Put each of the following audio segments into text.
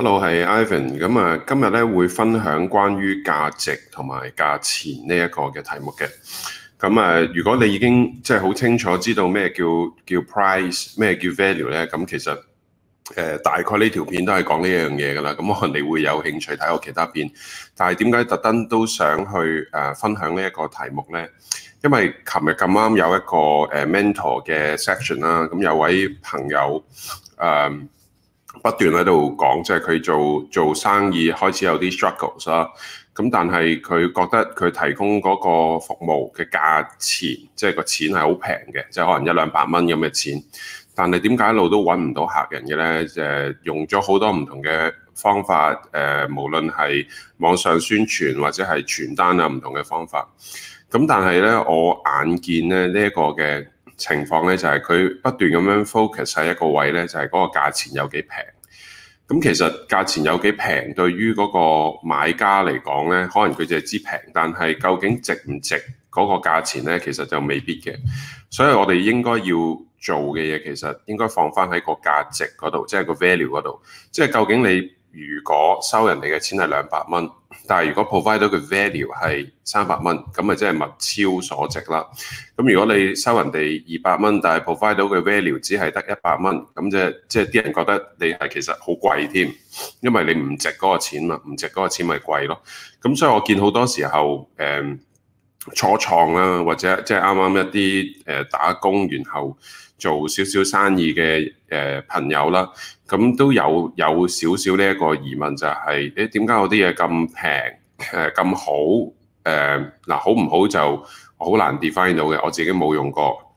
Hello，係 Ivan。咁啊，今日咧會分享關於價值同埋價錢呢一個嘅題目嘅。咁啊，如果你已經即係好清楚知道咩叫叫 price，咩叫 value 咧，咁其實誒大概呢條片都係講呢樣嘢㗎啦。咁可能你會有興趣睇我其他片，但係點解特登都想去誒分享呢一個題目咧？因為琴日咁啱有一個誒 mentor 嘅 section 啦。咁有位朋友誒。Um, 不斷喺度講，即係佢做做生意開始有啲 struggles 啦。咁但係佢覺得佢提供嗰個服務嘅價錢，即係個錢係好平嘅，即係可能一兩百蚊咁嘅錢。但係點解一路都揾唔到客人嘅咧？即係用咗好多唔同嘅方法，誒無論係網上宣傳或者係傳單啊唔同嘅方法。咁但係咧，我眼見咧呢一個嘅情況咧就係佢不斷咁樣 focus 喺一個位咧，就係嗰個價錢有幾平。咁其實價錢有幾平，對於嗰個買家嚟講咧，可能佢淨係知平，但係究竟值唔值嗰個價錢咧，其實就未必嘅。所以我哋應該要做嘅嘢，其實應該放翻喺個價值嗰度，即係個 value 嗰度，即係究竟你如果收人哋嘅錢係兩百蚊。但係如果 provide 到嘅 value 係三百蚊，咁咪真係物超所值啦。咁如果你收人哋二百蚊，但係 provide 到嘅 value 只係得一百蚊，咁即係即係啲人覺得你係其實好貴添，因為你唔值嗰個錢嘛，唔值嗰個錢咪貴咯。咁所以我見好多時候誒，嗯初創啦，或者即係啱啱一啲誒打工，然後做少少生意嘅誒朋友啦，咁都有有少少呢一個疑問，就是，就、欸、係：「誒點解我啲嘢咁平誒咁好誒嗱，呃、好唔好就好難 define 到嘅，我自己冇用過。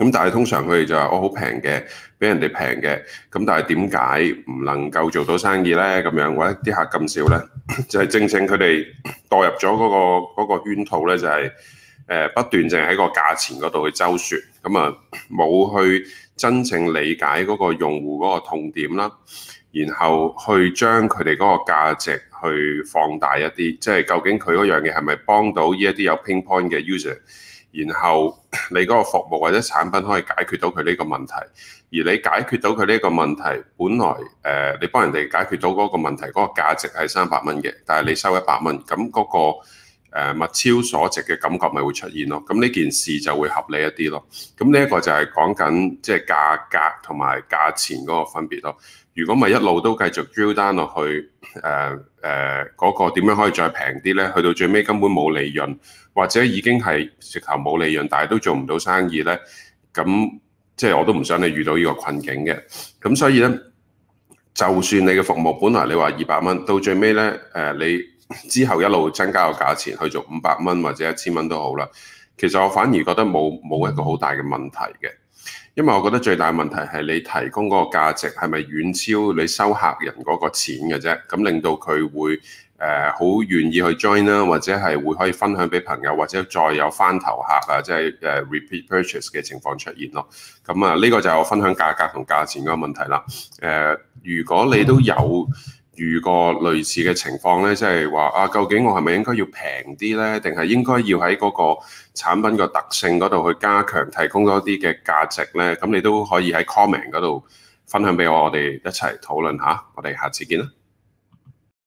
咁但係通常佢哋就話我好平嘅，比人哋平嘅。咁但係點解唔能夠做到生意呢？咁樣或者啲客咁少呢，就係、是、正正佢哋墮入咗嗰、那個嗰、那個圈套呢，就係、是、誒不斷淨係喺個價錢嗰度去周旋，咁啊冇去真正理解嗰個用戶嗰個痛點啦，然後去將佢哋嗰個價值去放大一啲，即、就、係、是、究竟佢嗰樣嘢係咪幫到呢一啲有 pain point 嘅 user？然後你嗰個服務或者產品可以解決到佢呢個問題，而你解決到佢呢個問題，本來誒你幫人哋解決到嗰個問題，嗰個價值係三百蚊嘅，但係你收一百蚊，咁嗰個。誒物超所值嘅感覺咪會出現咯，咁呢件事就會合理一啲咯。咁呢一個就係講緊即係價格同埋價錢嗰個分別咯。如果咪一路都繼續 draw 單落去，誒誒嗰個點樣可以再平啲咧？去到最尾根本冇利潤，或者已經係直頭冇利潤，但係都做唔到生意咧。咁即係我都唔想你遇到呢個困境嘅。咁所以咧，就算你嘅服務本來你話二百蚊，到最尾咧，誒、呃、你。之後一路增加個價錢去做五百蚊或者一千蚊都好啦，其實我反而覺得冇冇一個好大嘅問題嘅，因為我覺得最大嘅問題係你提供嗰個價值係咪遠超你收客人嗰個錢嘅啫，咁令到佢會誒好、呃、願意去 join 啦，或者係會可以分享俾朋友，或者再有返頭客啊，即係誒 repeat purchase 嘅情況出現咯。咁啊，呢、這個就係我分享價格同價錢個問題啦。誒、呃，如果你都有。遇過類似嘅情況呢，即係話啊，究竟我係咪應該要平啲呢？定係應該要喺嗰個產品嘅特性嗰度去加強，提供多啲嘅價值呢？咁你都可以喺 comment 嗰度分享俾我，我哋一齊討論下。我哋下次見啦。